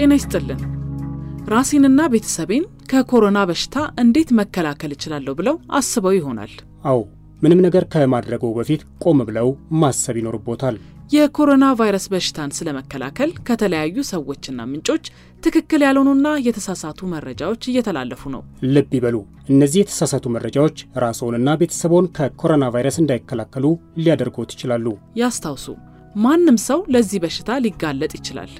ጤና ይስጥልን። ራሴንና ቤተሰቤን ከኮሮና በሽታ እንዴት መከላከል እችላለሁ ብለው አስበው ይሆናል። አዎ፣ ምንም ነገር ከማድረገው በፊት ቆም ብለው ማሰብ ይኖርቦታል። የኮሮና ቫይረስ በሽታን ስለመከላከል ከተለያዩ ሰዎችና ምንጮች ትክክል ያልሆኑና የተሳሳቱ መረጃዎች እየተላለፉ ነው። ልብ ይበሉ፣ እነዚህ የተሳሳቱ መረጃዎች ራስዎንና ቤተሰቦን ከኮሮና ቫይረስ እንዳይከላከሉ ሊያደርጎት ይችላሉ። ያስታውሱ፣ ማንም ሰው ለዚህ በሽታ ሊጋለጥ ይችላል።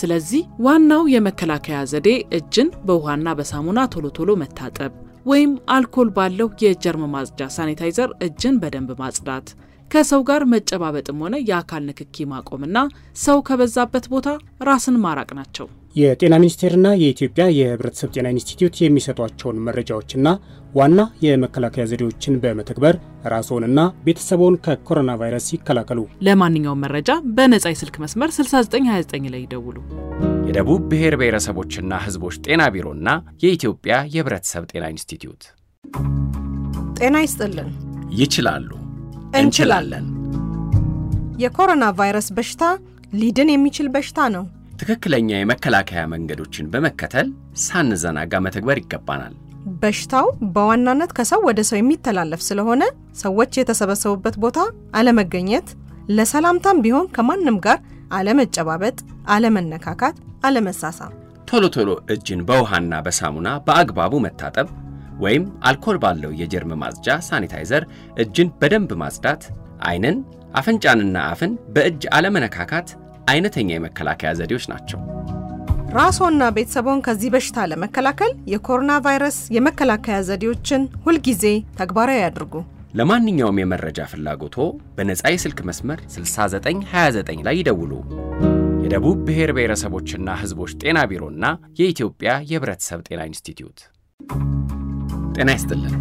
ስለዚህ ዋናው የመከላከያ ዘዴ እጅን በውሃና በሳሙና ቶሎ ቶሎ መታጠብ ወይም አልኮል ባለው የጀርም ማጽጃ ሳኒታይዘር እጅን በደንብ ማጽዳት፣ ከሰው ጋር መጨባበጥም ሆነ የአካል ንክኪ ማቆምና ሰው ከበዛበት ቦታ ራስን ማራቅ ናቸው። የጤና ሚኒስቴርና የኢትዮጵያ የህብረተሰብ ጤና ኢንስቲትዩት የሚሰጧቸውን መረጃዎችና ዋና የመከላከያ ዘዴዎችን በመተግበር ራስዎንና ቤተሰቦን ከኮሮና ቫይረስ ይከላከሉ። ለማንኛውም መረጃ በነጻ የስልክ መስመር 6929 ላይ ይደውሉ። የደቡብ ብሔር ብሔረሰቦችና ህዝቦች ጤና ቢሮና የኢትዮጵያ የህብረተሰብ ጤና ኢንስቲትዩት ጤና ይስጥልን። ይችላሉ፣ እንችላለን። የኮሮና ቫይረስ በሽታ ሊድን የሚችል በሽታ ነው። ትክክለኛ የመከላከያ መንገዶችን በመከተል ሳንዘናጋ መተግበር ይገባናል። በሽታው በዋናነት ከሰው ወደ ሰው የሚተላለፍ ስለሆነ ሰዎች የተሰበሰቡበት ቦታ አለመገኘት፣ ለሰላምታም ቢሆን ከማንም ጋር አለመጨባበጥ፣ አለመነካካት፣ አለመሳሳም፣ ቶሎ ቶሎ እጅን በውሃና በሳሙና በአግባቡ መታጠብ ወይም አልኮል ባለው የጀርም ማጽጃ ሳኒታይዘር እጅን በደንብ ማጽዳት፣ አይንን አፍንጫንና አፍን በእጅ አለመነካካት አይነተኛ የመከላከያ ዘዴዎች ናቸው። ራስዎና ቤተሰቦን ከዚህ በሽታ ለመከላከል የኮሮና ቫይረስ የመከላከያ ዘዴዎችን ሁልጊዜ ተግባራዊ ያድርጉ። ለማንኛውም የመረጃ ፍላጎቶ በነፃ የስልክ መስመር 6929 ላይ ይደውሉ። የደቡብ ብሔር ብሔረሰቦችና ሕዝቦች ጤና ቢሮና የኢትዮጵያ የሕብረተሰብ ጤና ኢንስቲትዩት ጤና ይስጥልን።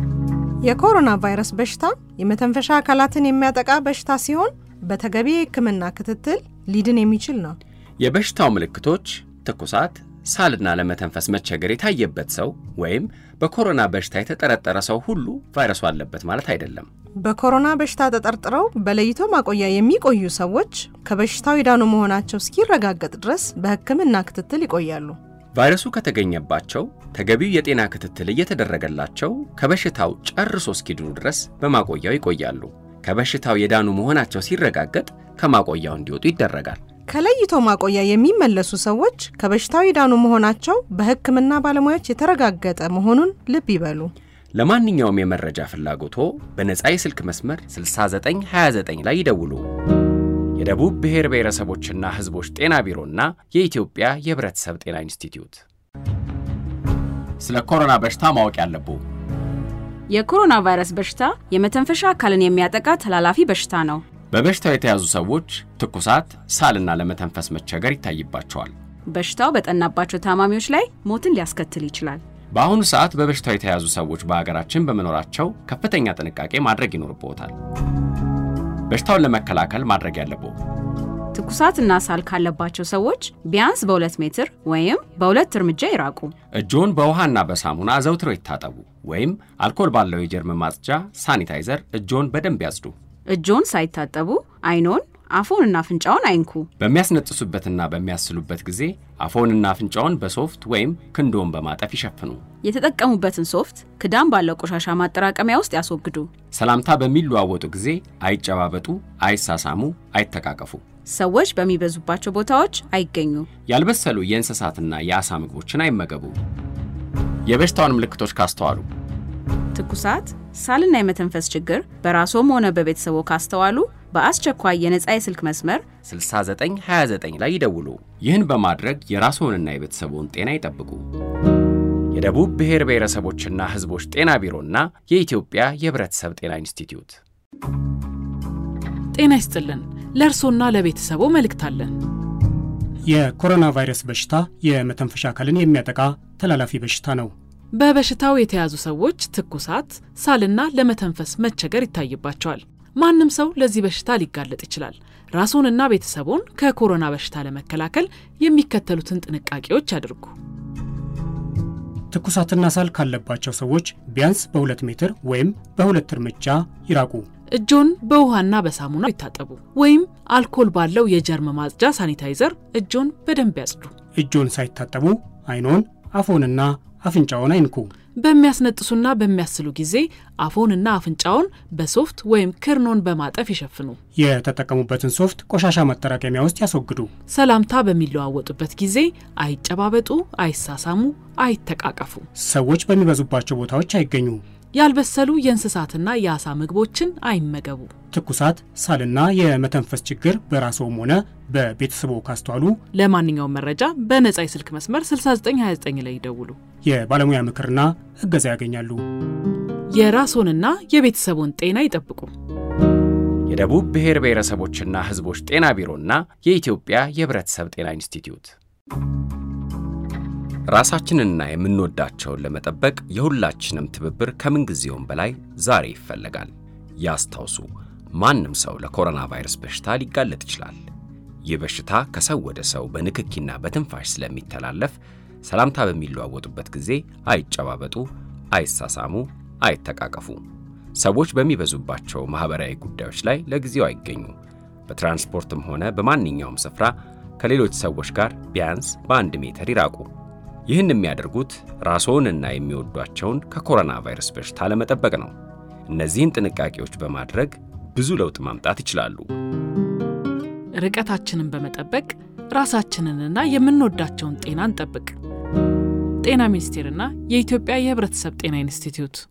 የኮሮና ቫይረስ በሽታ የመተንፈሻ አካላትን የሚያጠቃ በሽታ ሲሆን በተገቢ የሕክምና ክትትል ሊድን የሚችል ነው። የበሽታው ምልክቶች ትኩሳት፣ ሳልና ለመተንፈስ መቸገር የታየበት ሰው ወይም በኮሮና በሽታ የተጠረጠረ ሰው ሁሉ ቫይረሱ አለበት ማለት አይደለም። በኮሮና በሽታ ተጠርጥረው በለይቶ ማቆያ የሚቆዩ ሰዎች ከበሽታው የዳኑ መሆናቸው እስኪረጋገጥ ድረስ በሕክምና ክትትል ይቆያሉ። ቫይረሱ ከተገኘባቸው ተገቢው የጤና ክትትል እየተደረገላቸው ከበሽታው ጨርሶ እስኪድኑ ድረስ በማቆያው ይቆያሉ። ከበሽታው የዳኑ መሆናቸው ሲረጋገጥ ከማቆያው እንዲወጡ ይደረጋል። ከለይቶ ማቆያ የሚመለሱ ሰዎች ከበሽታው የዳኑ መሆናቸው በሕክምና ባለሙያዎች የተረጋገጠ መሆኑን ልብ ይበሉ። ለማንኛውም የመረጃ ፍላጎቶ በነፃ የስልክ መስመር 6929 ላይ ይደውሉ። የደቡብ ብሔር ብሔረሰቦችና ሕዝቦች ጤና ቢሮና የኢትዮጵያ የሕብረተሰብ ጤና ኢንስቲትዩት ስለ ኮሮና በሽታ ማወቅ ያለቡ የኮሮና ቫይረስ በሽታ የመተንፈሻ አካልን የሚያጠቃ ተላላፊ በሽታ ነው። በበሽታው የተያዙ ሰዎች ትኩሳት፣ ሳልና ለመተንፈስ መቸገር ይታይባቸዋል። በሽታው በጠናባቸው ታማሚዎች ላይ ሞትን ሊያስከትል ይችላል። በአሁኑ ሰዓት በበሽታው የተያዙ ሰዎች በአገራችን በመኖራቸው ከፍተኛ ጥንቃቄ ማድረግ ይኖርብዎታል። በሽታውን ለመከላከል ማድረግ ያለብዎ ትኩሳትና ሳል ካለባቸው ሰዎች ቢያንስ በሁለት ሜትር ወይም በሁለት እርምጃ ይራቁ። እጆን በውሃና በሳሙና ዘውትረው ይታጠቡ፣ ወይም አልኮል ባለው የጀርም ማጽጃ ሳኒታይዘር እጆን በደንብ ያጽዱ። እጆን ሳይታጠቡ አይኖን አፎንና አፍንጫውን አይንኩ። በሚያስነጥሱበትና በሚያስሉበት ጊዜ አፎንና አፍንጫውን በሶፍት ወይም ክንዶን በማጠፍ ይሸፍኑ። የተጠቀሙበትን ሶፍት ክዳን ባለው ቆሻሻ ማጠራቀሚያ ውስጥ ያስወግዱ። ሰላምታ በሚለዋወጡ ጊዜ አይጨባበጡ፣ አይሳሳሙ፣ አይተቃቀፉ። ሰዎች በሚበዙባቸው ቦታዎች አይገኙ። ያልበሰሉ የእንስሳትና የአሳ ምግቦችን አይመገቡ። የበሽታውን ምልክቶች ካስተዋሉ ትኩሳት፣ ሳልና የመተንፈስ ችግር በራስዎም ሆነ በቤተሰቦ ካስተዋሉ በአስቸኳይ የነፃ የስልክ መስመር 6929 ላይ ይደውሉ። ይህን በማድረግ የራስዎንና የቤተሰቦን ጤና ይጠብቁ። የደቡብ ብሔር ብሔረሰቦችና ሕዝቦች ጤና ቢሮና የኢትዮጵያ የሕብረተሰብ ጤና ኢንስቲትዩት ጤና ይስጥልን። ለእርሶና ለቤተሰቦ መልእክት አለን። የኮሮና ቫይረስ በሽታ የመተንፈሻ አካልን የሚያጠቃ ተላላፊ በሽታ ነው። በበሽታው የተያዙ ሰዎች ትኩሳት፣ ሳልና ለመተንፈስ መቸገር ይታይባቸዋል። ማንም ሰው ለዚህ በሽታ ሊጋለጥ ይችላል። ራስዎንና ቤተሰቦን ከኮሮና በሽታ ለመከላከል የሚከተሉትን ጥንቃቄዎች አድርጉ። ትኩሳትና ሳል ካለባቸው ሰዎች ቢያንስ በሁለት ሜትር ወይም በሁለት እርምጃ ይራቁ። እጆን በውሃና በሳሙና ይታጠቡ፣ ወይም አልኮል ባለው የጀርም ማጽጃ ሳኒታይዘር እጆን በደንብ ያጽዱ። እጆን ሳይታጠቡ አይኖን አፎንና አፍንጫውን አይንኩ። በሚያስነጥሱና በሚያስሉ ጊዜ አፎንና አፍንጫውን በሶፍት ወይም ክርኖን በማጠፍ ይሸፍኑ። የተጠቀሙበትን ሶፍት ቆሻሻ ማጠራቀሚያ ውስጥ ያስወግዱ። ሰላምታ በሚለዋወጡበት ጊዜ አይጨባበጡ፣ አይሳሳሙ፣ አይተቃቀፉ። ሰዎች በሚበዙባቸው ቦታዎች አይገኙ። ያልበሰሉ የእንስሳትና የአሳ ምግቦችን አይመገቡ። ትኩሳት፣ ሳልና የመተንፈስ ችግር በራስዎም ሆነ በቤተሰቦ ካስተዋሉ ለማንኛውም መረጃ በነጻ የስልክ መስመር 6929 ላይ ይደውሉ። የባለሙያ ምክርና እገዛ ያገኛሉ። የራስዎንና የቤተሰቦን ጤና ይጠብቁ። የደቡብ ብሔር ብሔረሰቦችና ሕዝቦች ጤና ቢሮና የኢትዮጵያ የሕብረተሰብ ጤና ኢንስቲትዩት ራሳችንንና የምንወዳቸውን ለመጠበቅ የሁላችንም ትብብር ከምንጊዜውም በላይ ዛሬ ይፈለጋል። ያስታውሱ፣ ማንም ሰው ለኮሮና ቫይረስ በሽታ ሊጋለጥ ይችላል። ይህ በሽታ ከሰው ወደ ሰው በንክኪና በትንፋሽ ስለሚተላለፍ ሰላምታ በሚለዋወጡበት ጊዜ አይጨባበጡ፣ አይሳሳሙ፣ አይተቃቀፉ። ሰዎች በሚበዙባቸው ማኅበራዊ ጉዳዮች ላይ ለጊዜው አይገኙ። በትራንስፖርትም ሆነ በማንኛውም ስፍራ ከሌሎች ሰዎች ጋር ቢያንስ በአንድ ሜትር ይራቁ። ይህን የሚያደርጉት ራስዎንና የሚወዷቸውን ከኮሮና ቫይረስ በሽታ ለመጠበቅ ነው። እነዚህን ጥንቃቄዎች በማድረግ ብዙ ለውጥ ማምጣት ይችላሉ። ርቀታችንን በመጠበቅ ራሳችንንና የምንወዳቸውን ጤና እንጠብቅ። ጤና ሚኒስቴርና የኢትዮጵያ የሕብረተሰብ ጤና ኢንስቲትዩት